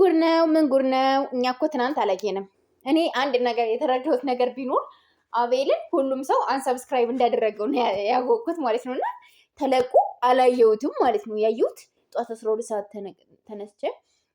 ጉድ ነው? ምን ጉድ ነው? እኛ እኮ ትናንት አላየንም። እኔ አንድ ነገር የተረዳሁት ነገር ቢኖር አቤልን ሁሉም ሰው አንሰብስክራይብ እንዳደረገው ያወቅኩት ማለት ነው። እና ተለቁ አላየሁትም ማለት ነው። ያየሁት ጠዋት አስራ ሁለት ሰዓት ተነስቼ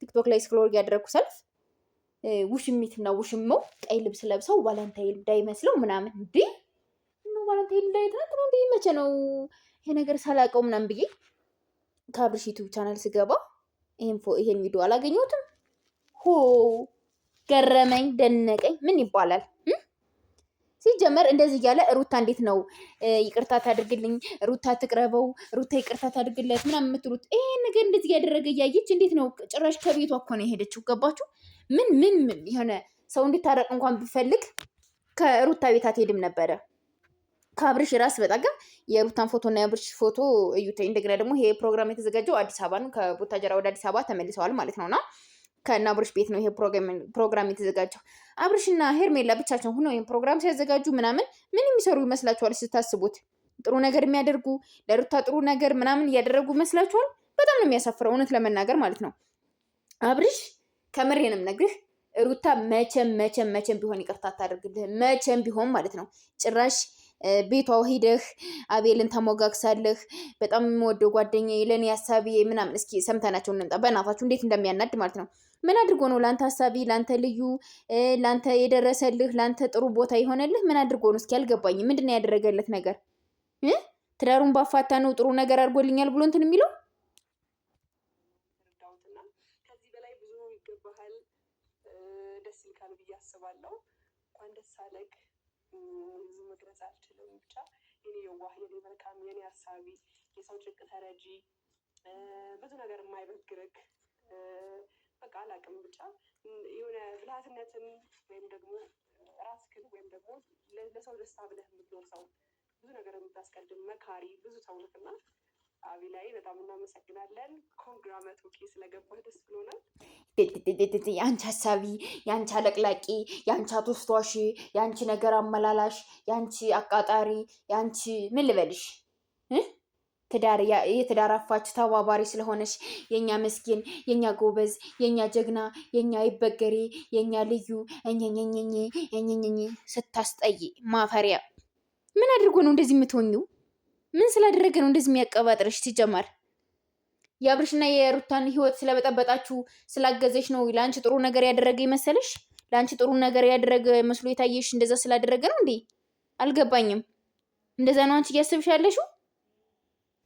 ቲክቶክ ላይ ስክሮል ያደረግኩ ሰልፍ ውሽሚት ውሽሚትና ውሽመው ቀይ ልብስ ለብሰው ቫለንታይን እንዳይመስለው ምናምን እንዲ ነው ቫለንታይን እንዳይትናት ነው እንዲ መቼ ነው ይሄ ነገር ሳላውቀው ምናምን ብዬ ከአብርሽ ዩቱብ ቻናል ስገባ ይሄን ቪዲዮ አላገኘሁትም። ሆ ገረመኝ ደነቀኝ ምን ይባላል? ሲጀመር እንደዚህ እያለ ሩታ እንዴት ነው ይቅርታ ታድርግልኝ፣ ሩታ ትቅረበው፣ ሩታ ይቅርታ ታድርግለት ምናምን የምትሉት ይሄ ነገር እንደዚህ እያደረገ እያየች እንዴት ነው ጭራሽ ከቤቷ እኮ ነው የሄደችው። ገባችሁ? ምን ምን ምን የሆነ ሰው እንዲታረቅ እንኳን ብፈልግ ከሩታ ቤት አትሄድም ነበረ። ከአብርሽ ራስ በጣም የሩታን ፎቶ እና የአብርሽ ፎቶ እዩት። እንደገና ደግሞ ይሄ ፕሮግራም የተዘጋጀው አዲስ አበባ ነው። ከቦታጀራ ወደ አዲስ አበባ ተመልሰዋል ማለት ነውና ከእነ አብርሽ ቤት ነው ይሄ ፕሮግራም የተዘጋጀው። አብርሽና ሄርሜላ ብቻቸው ሆነው ይህን ፕሮግራም ሲያዘጋጁ ምናምን ምን የሚሰሩ ይመስላችኋል? ስታስቡት ጥሩ ነገር የሚያደርጉ ለሩታ ጥሩ ነገር ምናምን እያደረጉ ይመስላችኋል? በጣም ነው የሚያሳፍረው፣ እውነት ለመናገር ማለት ነው። አብርሽ ከምሬንም ነግርህ ሩታ መቼም መቼም መቼም ቢሆን ይቅርታ አታደርግልህ፣ መቼም ቢሆን ማለት ነው። ጭራሽ ቤቷ ሂደህ አቤልን ተሞጋግሳለህ። በጣም የምወደው ጓደኛ ለእኔ ያሳቢ ምናምን። እስኪ ሰምተናቸው እንምጣ፣ በናፋችሁ እንዴት እንደሚያናድ ማለት ነው። ምን አድርጎ ነው ላንተ ሀሳቢ ላንተ ልዩ ላንተ የደረሰልህ ላንተ ጥሩ ቦታ የሆነልህ ምን አድርጎ ነው? እስኪ አልገባኝ። ምንድነው ያደረገለት ነገር? ትዳሩን ባፋታ ነው ጥሩ ነገር አድርጎልኛል ብሎ እንትን የሚለው መግለጽ አልችልም። ብቻ የኔ የዋህ የኔ መልካም የኔ የሰው ጭቅ ተረጂ ብዙ ነገር የማይበግርግ በቃ አላቅም ብቻ የሆነ ብልሃትነትን ወይም ደግሞ ራስክን ወይም ደግሞ ለሰው ደስታ ብለህ የምትኖር ሰው ብዙ ነገር የምታስቀድም መካሪ ብዙ ሰውነት ና አቢ አቢላይ በጣም እናመሰግናለን። ኮንግራ መቶ ኬ ስለገባህ ደስ ብሎናል። የአንቺ ሀሳቢ፣ የአንቺ አለቅላቂ፣ የአንቺ አቶስቷሽ፣ የአንቺ ነገር አመላላሽ፣ የአንቺ አቃጣሪ፣ የአንቺ ምን ልበልሽ የትዳር አፋች ተባባሪ ስለሆነች የኛ መስኪን፣ የኛ ጎበዝ፣ የኛ ጀግና፣ የኛ ይበገሬ፣ የኛ ልዩ እኝኝኝኝኝኝኝ ስታስጠይ ማፈሪያ። ምን አድርጎ ነው እንደዚህ የምትሆኙ? ምን ስላደረገ ነው እንደዚህ የሚያቀባጥረሽ? ሲጀመር የአብርሽና የሩታን ህይወት ስለበጠበጣችሁ ስላገዘሽ ነው ለአንቺ ጥሩ ነገር ያደረገ ይመሰለሽ? ለአንቺ ጥሩ ነገር ያደረገ መስሎ የታየሽ እንደዛ ስላደረገ ነው እንዴ? አልገባኝም። እንደዛ ነው አንቺ እያሰብሽ ያለሽው?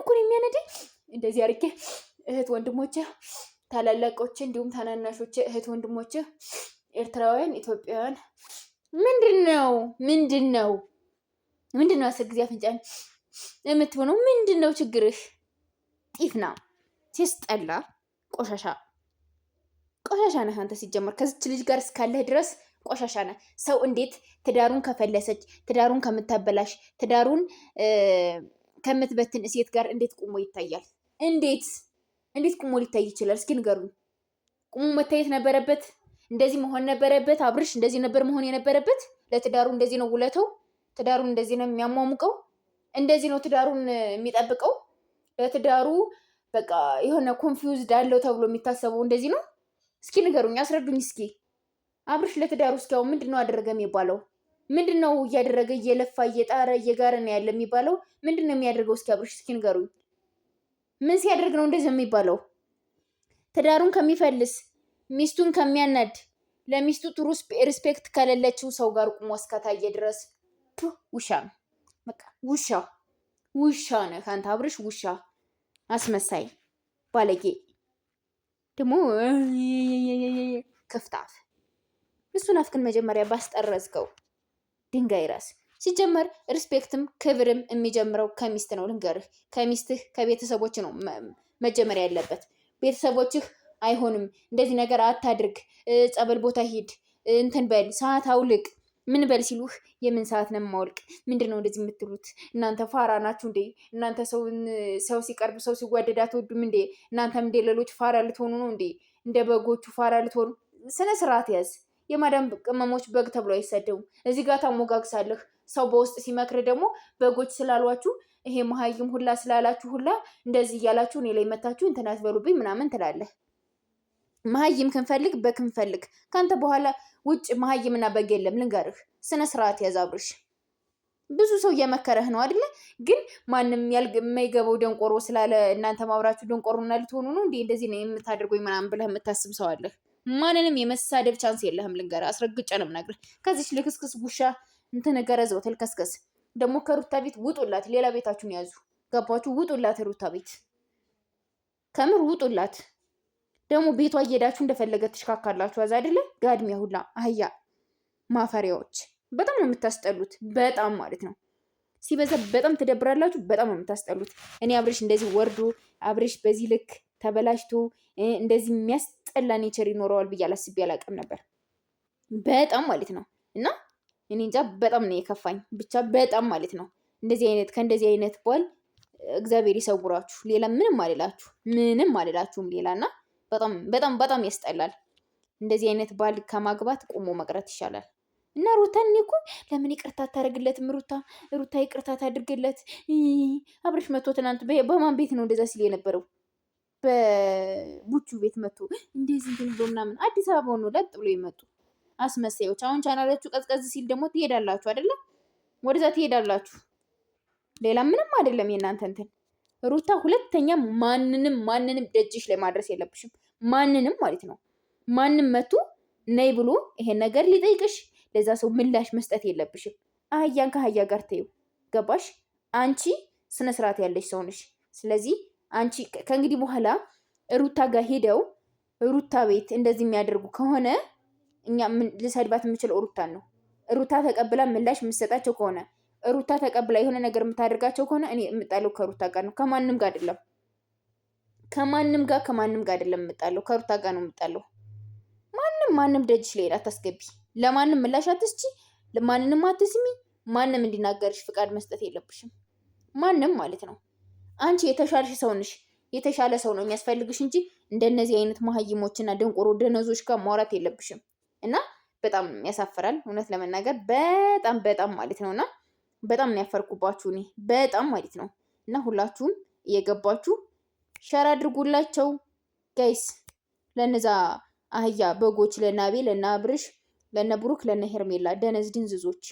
እኮ ነው የሚያነደኝ። እንደዚህ አድርጌ እህት ወንድሞቼ፣ ታላላቆቼ፣ እንዲሁም ታናናሾቼ እህት ወንድሞቼ፣ ኤርትራውያን፣ ኢትዮጵያውያን ምንድን ነው ምንድን ነው ምንድን ነው አስር ጊዜ አፍንጫን የምትሆነው ምንድን ነው ችግርህ? ጢፍና ሲስጠላ ቆሻሻ ቆሻሻ ነህ አንተ። ሲጀመር ከዚች ልጅ ጋር እስካለህ ድረስ ቆሻሻ ነህ። ሰው እንዴት ትዳሩን ከፈለሰች ትዳሩን ከምታበላሽ ትዳሩን ከምትበትን ሴት ጋር እንዴት ቁሞ ይታያል? እንዴት እንዴት ቁሞ ሊታይ ይችላል? እስኪ ንገሩኝ። ቁሞ መታየት ነበረበት? እንደዚህ መሆን ነበረበት? አብርሽ እንደዚህ ነበር መሆን የነበረበት? ለትዳሩ እንደዚህ ነው ውለተው? ትዳሩን እንደዚህ ነው የሚያሟሙቀው? እንደዚህ ነው ትዳሩን የሚጠብቀው? ለትዳሩ በቃ የሆነ ኮንፊውዝድ አለው ተብሎ የሚታሰበው እንደዚህ ነው? እስኪ ንገሩኝ፣ አስረዱኝ። እስኪ አብርሽ ለትዳሩ እስኪያው ምንድን ነው አደረገ የሚባለው? ምንድን ነው እያደረገ እየለፋ እየጣረ እየጋረ ነው ያለ የሚባለው? ምንድን ነው የሚያደርገው? እስኪ አብርሽ እስኪ ንገሩኝ። ምን ሲያደርግ ነው እንደዚህ የሚባለው? ትዳሩን ከሚፈልስ ሚስቱን ከሚያናድ ለሚስቱ ጥሩ ሪስፔክት ከሌለችው ሰው ጋር ቁሞ እስከታየ ድረስ ውሻ ነው። በቃ ውሻ ውሻ ነህ አንተ አብርሽ፣ ውሻ አስመሳይ፣ ባለጌ ደግሞ ክፍታፍ። እሱን አፍክን መጀመሪያ ባስጠረዝከው ድንጋይ ራስ። ሲጀመር ሪስፔክትም ክብርም የሚጀምረው ከሚስት ነው። ልንገርህ፣ ከሚስትህ ከቤተሰቦች ነው መጀመሪያ ያለበት። ቤተሰቦችህ አይሆንም እንደዚህ ነገር አታድርግ፣ ጸበል ቦታ ሂድ፣ እንትን በል፣ ሰዓት አውልቅ፣ ምን በል ሲሉህ የምን ሰዓት ነው የማውልቅ? ምንድን ነው እንደዚህ የምትሉት እናንተ? ፋራ ናችሁ እንዴ እናንተ? ሰው ሲቀርብ ሰው ሲዋደድ አትወዱም እንዴ እናንተም? እንደ ሌሎች ፋራ ልትሆኑ ነው እንዴ? እንደ በጎቹ ፋራ ልትሆኑ። ስነ ስርዓት ያዝ። የማዳም ቅመሞች በግ ተብሎ አይሰደቡም። እዚህ ጋር ታሞጋግሳለህ። ሰው በውስጥ ሲመክር ደግሞ በጎች ስላሏችሁ ይሄ መሀይም ሁላ ስላላችሁ ሁላ እንደዚህ እያላችሁ እኔ ላይ መታችሁ እንትን አትበሉብኝ ምናምን ትላለህ። መሀይም ክንፈልግ በክንፈልግ ከአንተ በኋላ ውጭ መሀይምና በግ የለም። ልንገርህ፣ ስነ ስርዓት ያዝ አብርሽ። ብዙ ሰው እየመከረህ ነው አይደለ? ግን ማንም የማይገባው ደንቆሮ ስላለ እናንተ ማብራችሁ ደንቆሮና ልትሆኑ ነው እንዲ እንደዚህ ነው የምታደርጉኝ ምናምን ብለህ የምታስብ ሰው አለህ። ማንንም የመሳደብ ቻንስ የለህም። ልንገር አስረግጬ ነው የምናግርህ። ከዚች ልክስክስ ጉሻ እንትን ገረዘው ተልከስከስ ደግሞ ከሩታ ቤት ውጡላት። ሌላ ቤታችሁን ያዙ። ገባችሁ? ውጡላት። ሩታ ቤት ከምር ውጡላት። ደግሞ ቤቷ እየሄዳችሁ እንደፈለገ ትሽካካላችሁ። አዛ አይደለ ጋድሚያ ሁላ አህያ ማፈሪያዎች። በጣም ነው የምታስጠሉት። በጣም ማለት ነው ሲበዛ በጣም ትደብራላችሁ። በጣም ነው የምታስጠሉት። እኔ አብሬሽ እንደዚህ ወርዶ አብሬሽ በዚህ ልክ ተበላሽቶ እንደዚህ የሚያስጠላ ኔቸር ይኖረዋል ብዬ አላስቤ አላውቅም ነበር። በጣም ማለት ነው እና እኔ እንጃ በጣም ነው የከፋኝ። ብቻ በጣም ማለት ነው እንደዚህ አይነት ከእንደዚህ አይነት ባል እግዚአብሔር ይሰውራችሁ። ሌላ ምንም አልላችሁ፣ ምንም አልላችሁም ሌላ እና በጣም በጣም በጣም ያስጠላል። እንደዚህ አይነት ባል ከማግባት ቁሞ መቅረት ይሻላል። እና ሩታ እኔ እኮ ለምን ይቅርታ አታደርግለትም? ሩታ ሩታ ይቅርታ ታድርግለት። አብረሽ መቶ ትናንት በማን ቤት ነው እንደዛ ሲል የነበረው? በቡቹ ቤት መቶ እንደዚህ እንትን ብሎ ምናምን አዲስ አበባ ሆኖ ለጥ ብሎ የመጡ አስመሳዮች። አሁን ቻናላችሁ ቀዝቀዝ ሲል ደግሞ ትሄዳላችሁ አይደለም፣ ወደዛ ትሄዳላችሁ። ሌላ ምንም አይደለም የእናንተ እንትን። ሩታ ሁለተኛ ማንንም ማንንም ደጅሽ ላይ ማድረስ የለብሽም። ማንንም ማለት ነው ማንም መቱ ነይ ብሎ ይሄን ነገር ሊጠይቅሽ ለዛ ሰው ምላሽ መስጠት የለብሽም። አህያን ከአህያ ጋር ተይው። ገባሽ? አንቺ ስነስርዓት ያለሽ ሰው ነሽ። ስለዚህ አንቺ ከእንግዲህ በኋላ ሩታ ጋር ሄደው ሩታ ቤት እንደዚህ የሚያደርጉ ከሆነ እኛ ልሰድባት የምችለው ሩታን ነው። ሩታ ተቀብላ ምላሽ የምትሰጣቸው ከሆነ ሩታ ተቀብላ የሆነ ነገር የምታደርጋቸው ከሆነ እኔ የምጣለው ከሩታ ጋር ነው፣ ከማንም ጋር አይደለም። ከማንም ጋር ከማንም ጋር አይደለም የምጣለው፣ ከሩታ ጋር ነው የምጣለው። ማንም ማንም ደጅሽ ሌላ አታስገቢ፣ ለማንም ምላሽ አትስጪ፣ ለማንንም አትስሚ። ማንም እንዲናገርሽ ፍቃድ መስጠት የለብሽም፣ ማንም ማለት ነው። አንቺ የተሻለሽ ሰው ነሽ። የተሻለ ሰው ነው የሚያስፈልግሽ እንጂ እንደነዚህ አይነት መሀይሞችና ደንቆሮ ደነዞች ጋር ማውራት የለብሽም። እና በጣም ያሳፍራል፣ እውነት ለመናገር በጣም በጣም ማለት ነው። እና በጣም ነው ያፈርኩባችሁ እኔ በጣም ማለት ነው። እና ሁላችሁም እየገባችሁ ሸር አድርጉላቸው ጋይስ፣ ለነዛ አህያ በጎች፣ ለናቤ፣ ለና ለነብሩክ ለነ ብሩክ፣ ለነ ሄርሜላ ደነዝ ድንዝዞች